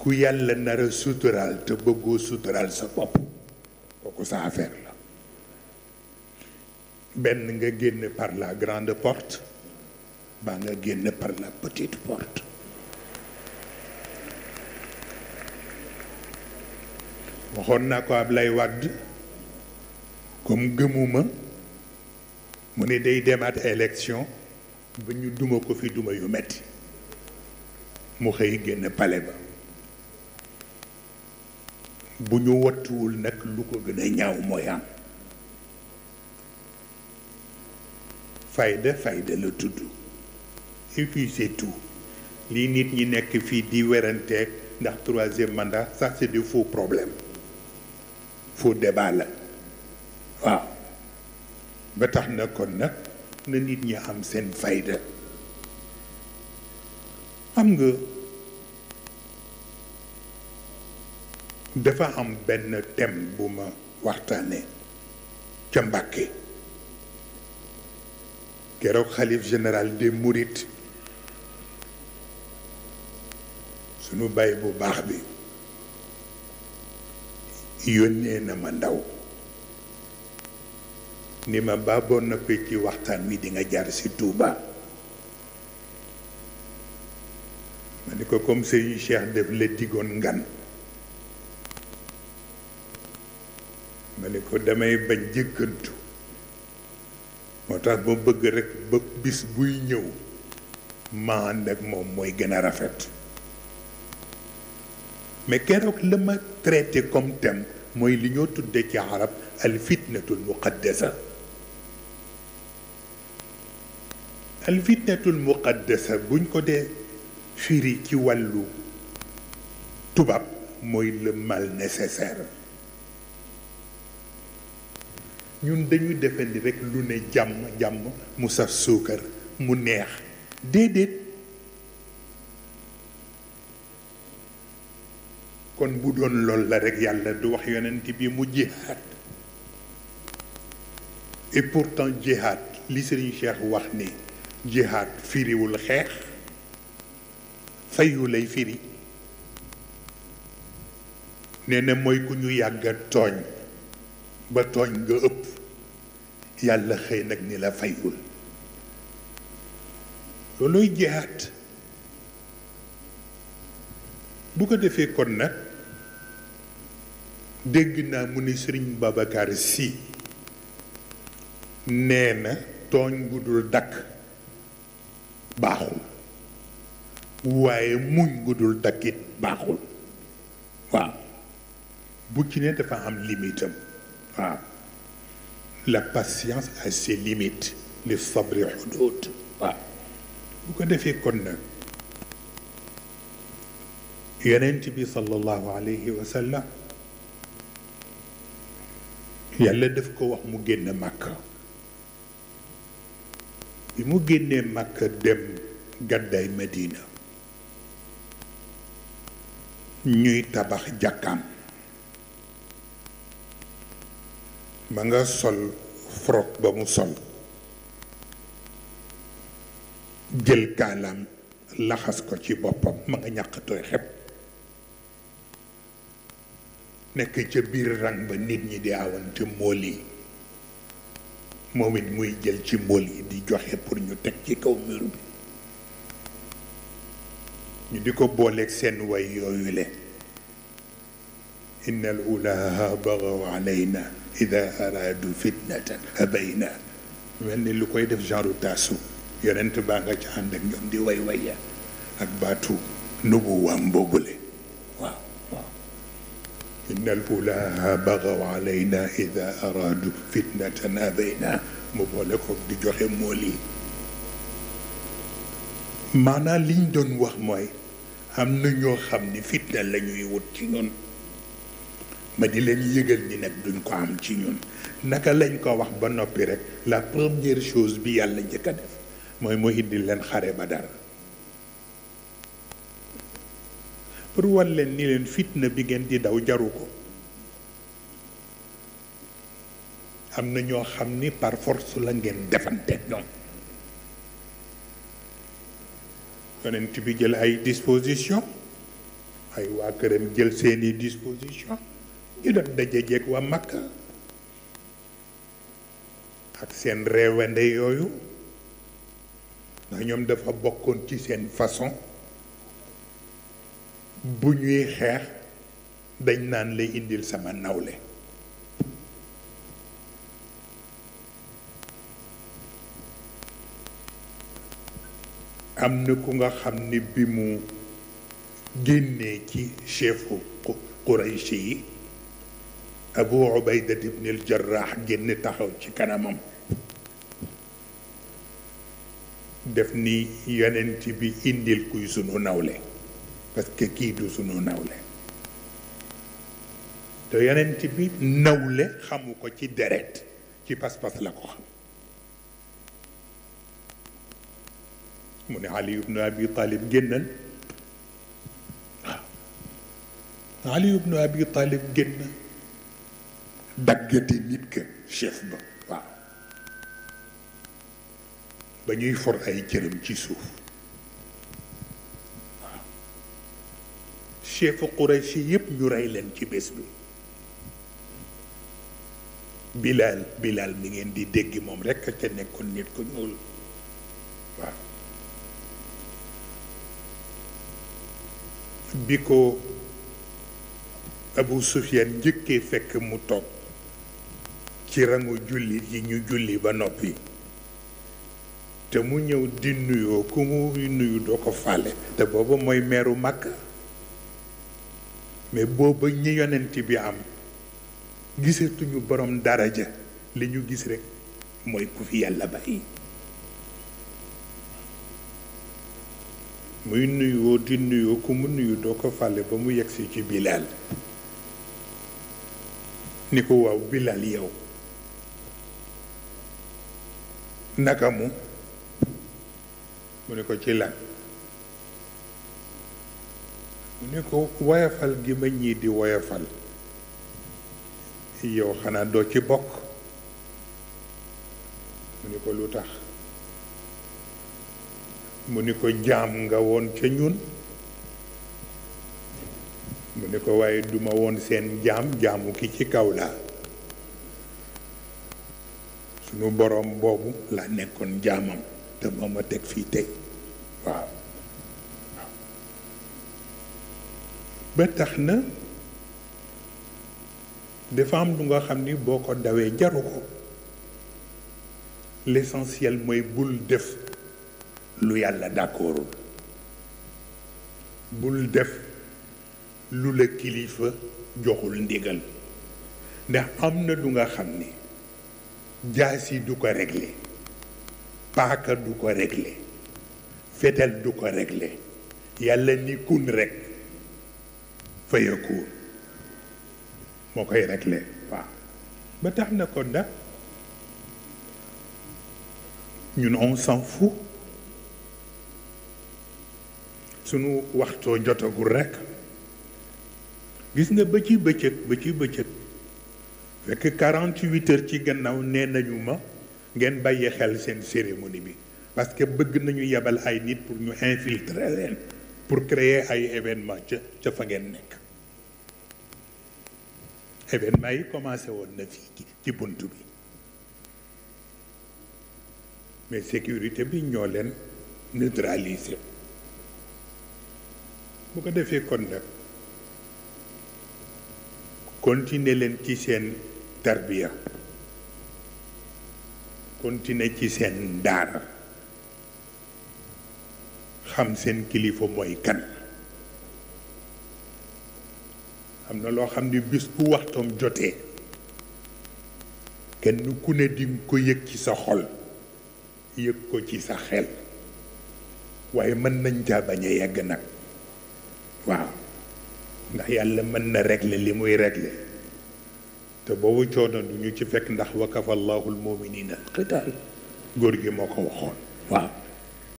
ku yàlla nar a suturaal te bëggoo suturaal sa bopp kooku sa affaire la benn nga génn par la grande porte ba nga génn par la petite porte waxoon naa ko Ablaye Wade comme gëmuma mu ne day demaat élection ba ñu duma ko fi duma yu metti mu xëy génn pale ba bu ñu wattuwul nag lu ko gën a ñaaw mooy am fayda fayda la tudd et puis lii nit ñi nekk fii di werante ndax troisième mandat ça c'est des faux problèmes faux débat la waaw ba tax na kon nag na nit ñi am seen fayda am nga dafa am benn thème bu ma waxtaanee ca Mbàkke keroog xalif général des murit sunu baay bu baax bi yónnee na ma ndaw ni ma baaboon noppee ci waxtaan wi di nga jaar si Touba ma ni ko comme Serigne Cheikh def la digoon ngan ma ni ko damay bañ jëkkantu moo tax ma bëgg rekk ba bis buy ñëw ma ànd ak moom mooy gën a rafet mais keroog la ma traité comme mooy li ñoo tudde ci arab al fitnatul muqaddasa al fitnatul muqaddasa buñ ko dee firi ci wàllu tubaab mooy le nécessaire ñun dañuy defandi rek lu ne jàmm jàmm mu saf suukar mu neex déedéet kon bu doon lool la rekk yàlla du wax yonent bi mu jihaad et pourtant jihaad li Serigne Cheikh wax ni jihaad firiwul xeex fayu lay firi nee na mooy ku ñu yàgga tooñ ba tooñ nga ëpp yàlla xëy nag ni la fayul looluy jihaat bu ko defee kon nag dégg naa mu ni sëriñ Babacar si nee na tooñ bu dul dakk baaxul waaye muñ bu dul dakkit baaxul waaw bu ci ne dafa am limitam waaw la patience a ses limites li sabri xudud bu ko defee kon nag yonent bi sallallahu alayhi wa yàlla def ko wax mu génn màkka bi mu génnee màkka dem gàddaay Medina ñuy tabax jàkkaam ma nga sol froc ba mu sol jël kaalaam laxas ko ci boppam ma nga ñàqtooy xepp nekk ca biir rang ba nit ñi di awante mool yi moom it muy jël ci mool yi di joxe pour ñu teg ci kaw mur bi ñu di ko booleek seen way yooyu le inna al ulaha bagaw alayna ida araadu fitnatan abayna mel ni lu koy def genre taasu yonent baa nga ca ànd ak ñoom di way waya ak baatu nubuwaam boobule waaw waaw al ulaha bagaw alayna ida araadu fitnatan abayna mu boole di joxe mool yi maanaam wax mooy am na ñoo xam ni fitna la ñuy wut ci ma di leen yëgal ni nag duñ ko am ci ñun naka lañ ko wax ba noppi rek la première chose bi yàlla njëkk a def mooy mu indi leen xare ba dara pour wan leen ni leen fitna bi ngeen di daw jaru ko am na ñoo xam ni par force la ngeen defante ñoom yonent bi jël ay disposition ay waa këram jël seeni disposition ñu doon daje jeeg waa Makka ak seen réewande yooyu ndax ñoom dafa bokkoon ci seen façon bu ñuy xeex dañ naan lay indil sama nawle am na ku nga xam ni bi mu génnee ci chefu Quraysh yi abu ubaydat ibn al jarraax génn taxaw ci kanamam def ni yonent bi indil kuy sunu nawle parce que kii du sunu nawle te yonent bi nawle xamu ko ci deret ci pas-pas la ko xam mu ne ali ibnu abi talib génnal waaw ali abi talib génn daggate nit ka chef ba waaw ba ñuy for ay cëram ci suuf waaw chefu Quraysh yépp ñu rey leen ci bés bi Bilal Bilal mi ngeen di dégg moom rekk a ca nekkoon nit ku ñuul waaw bi ko Abu Sufyaan njëkkee fekk mu toog ci rangu jullit yi ñu julli ba noppi te mu ñëw di nuyoo ku mu nuyu doo ko fàlle te booba mooy meeru màkk mais booba ñi yonent bi am gisatuñu borom daraja li ñu gis rekk mooy ku fi yàlla bàyyi muy nuyoo di nuyoo ku mu nuyu doo ko fàlle ba mu yegsi ci Bilal ni ko waaw Bilal yow naka mu mu ne ko ci lan mu ni ko woyafal gi ma ñii di woyafal yow xanaa doo ci bokk mu ni ko lu tax mu ni ko jaam nga woon ca ñun mu ni ko waaye duma woon seen jaam jaamu ki ci kaw laa suñu boroom boobu la nekkoon jaamam te moo a teg fii teg waaw ba tax na dafa am lu nga xam ni boo ko dawee jaru ko l'essentiel mooy bul def lu yàlla d'accordul bul def lu la kilifa joxul ndigal ndax am na lu nga xam ni jaasi du ko réglé paaka du ko réglé fetal du ko réglé yàlla ni kun rek fayakuun moo koy réglé waaw ba tax na ko nag ñun on s'en fout sunu waxtoo jotagul rekk gis nga ba bëccëg ba bëccëg fekk 48 heures ci gannaaw nee nañu ma ngeen bàyyi xel seen cérémonie bi parce que bëgg nañu yebal ay nit pour ñu infiltrer leen pour créer ay événement ca ca fa ngeen nekk événement yi commencé woon na ci ci bunt bi mais sécurité bi ñoo leen neutraliser bu ko defee kon kontine leen ci seen tarbiya kontine ci seen daara xam seen kilifa mooy kan am na loo xam ne bis bu waxtoom jotee kenn ku ne di ko yëg ci sa xol yëg ko ci sa xel waaye mën nañ caa bañ a yegg nag waaw ndax yàlla mën na régler li muy régler te boobu coono du ñu ci fekk ndax wakafa allahul muminina al qital góor gi moo ko waxoon waaw